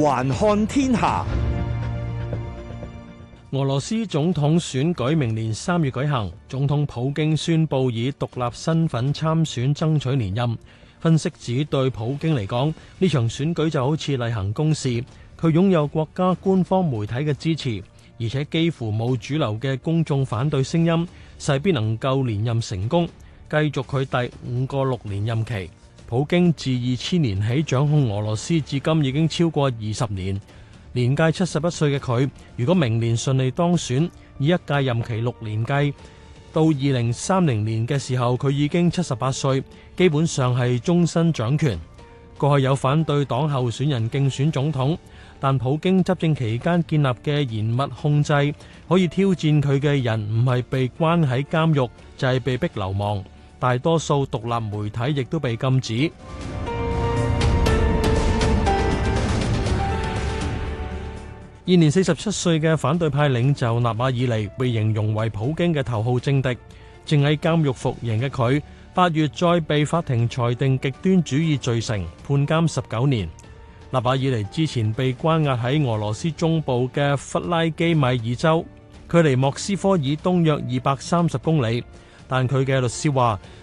環看天下，俄羅斯總統選舉明年三月舉行，總統普京宣布以獨立身份參選，爭取連任。分析指對普京嚟講，呢場選舉就好似例行公事，佢擁有國家官方媒體嘅支持，而且幾乎冇主流嘅公眾反對聲音，勢必能夠連任成功，繼續佢第五個六年任期。普京自二千年起掌控俄羅斯，至今已經超過二十年。年屆七十一歲嘅佢，如果明年順利當選，以一屆任期六年計，到二零三零年嘅時候，佢已經七十八歲，基本上係終身掌權。過去有反對黨候選人競選總統，但普京執政期間建立嘅嚴密控制，可以挑戰佢嘅人，唔係被關喺監獄，就係被逼流亡。大多數獨立媒體亦都被禁止。現年四十七歲嘅反對派領袖納瓦爾尼被形容為普京嘅頭號政敵。正喺監獄服刑嘅佢，八月再被法庭裁定極端主義罪成，判監十九年。納瓦爾尼之前被關押喺俄羅斯中部嘅弗拉基米爾州，距離莫斯科以東約二百三十公里。但佢嘅律師話，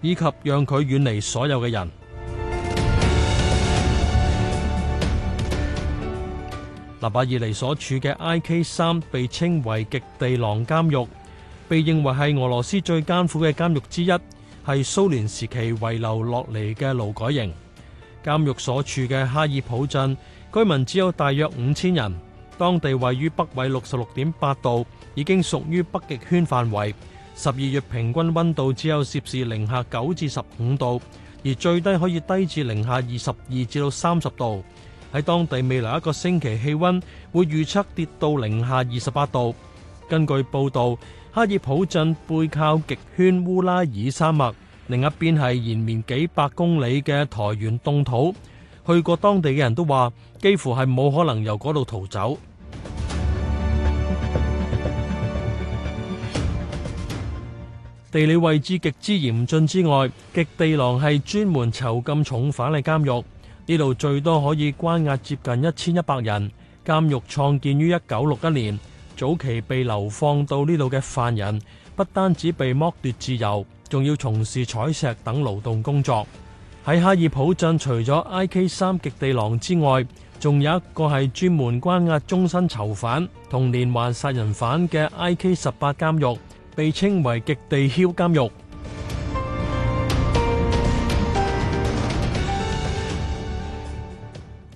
以及讓佢遠離所有嘅人。納瓦 爾尼所處嘅 IK 三被稱為極地狼監獄，被認為係俄羅斯最艱苦嘅監獄之一，係蘇聯時期遺留落嚟嘅勞改營。監獄所處嘅哈爾普鎮居民只有大約五千人，當地位於北緯六十六點八度，已經屬於北極圈範圍。十二月平均溫度只有攝氏零下九至十五度，而最低可以低至零下二十二至到三十度。喺當地未來一個星期氣溫會預測跌到零下二十八度。根據報導，哈爾普鎮背靠極圈烏拉爾山脈，另一邊係延綿幾百公里嘅苔原凍土。去過當地嘅人都話，幾乎係冇可能由嗰度逃走。地理位置極之嚴峻之外，極地狼係專門囚禁重犯嘅監獄。呢度最多可以關押接近一千一百人。監獄創建於一九六一年，早期被流放到呢度嘅犯人，不單止被剝奪自由，仲要從事採石等勞動工作。喺哈爾普鎮，除咗 IK 三極地狼之外，仲有一個係專門關押終身囚犯同連環殺人犯嘅 IK 十八監獄。被稱為極地狼監獄。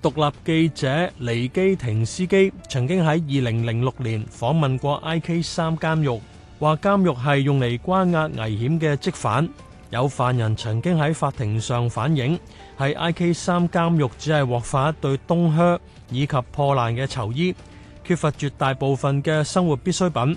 獨立記者尼基廷斯基曾經喺二零零六年訪問過 I K 三監獄，話監獄係用嚟關押危險嘅積犯。有犯人曾經喺法庭上反映，喺 I K 三監獄只係獲發一對冬靴以及破爛嘅囚衣，缺乏絕大部分嘅生活必需品。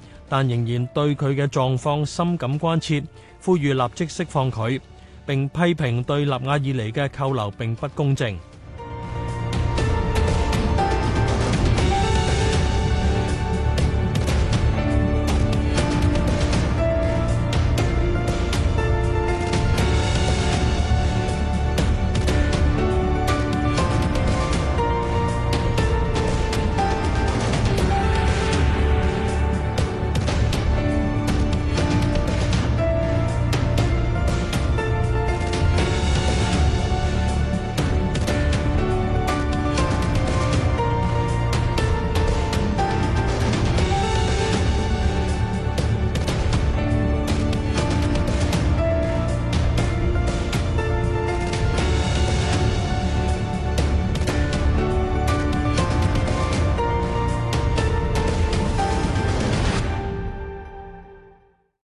但仍然對佢嘅狀況深感關切，呼籲立即釋放佢，並批評對納瓦爾尼嘅扣留並不公正。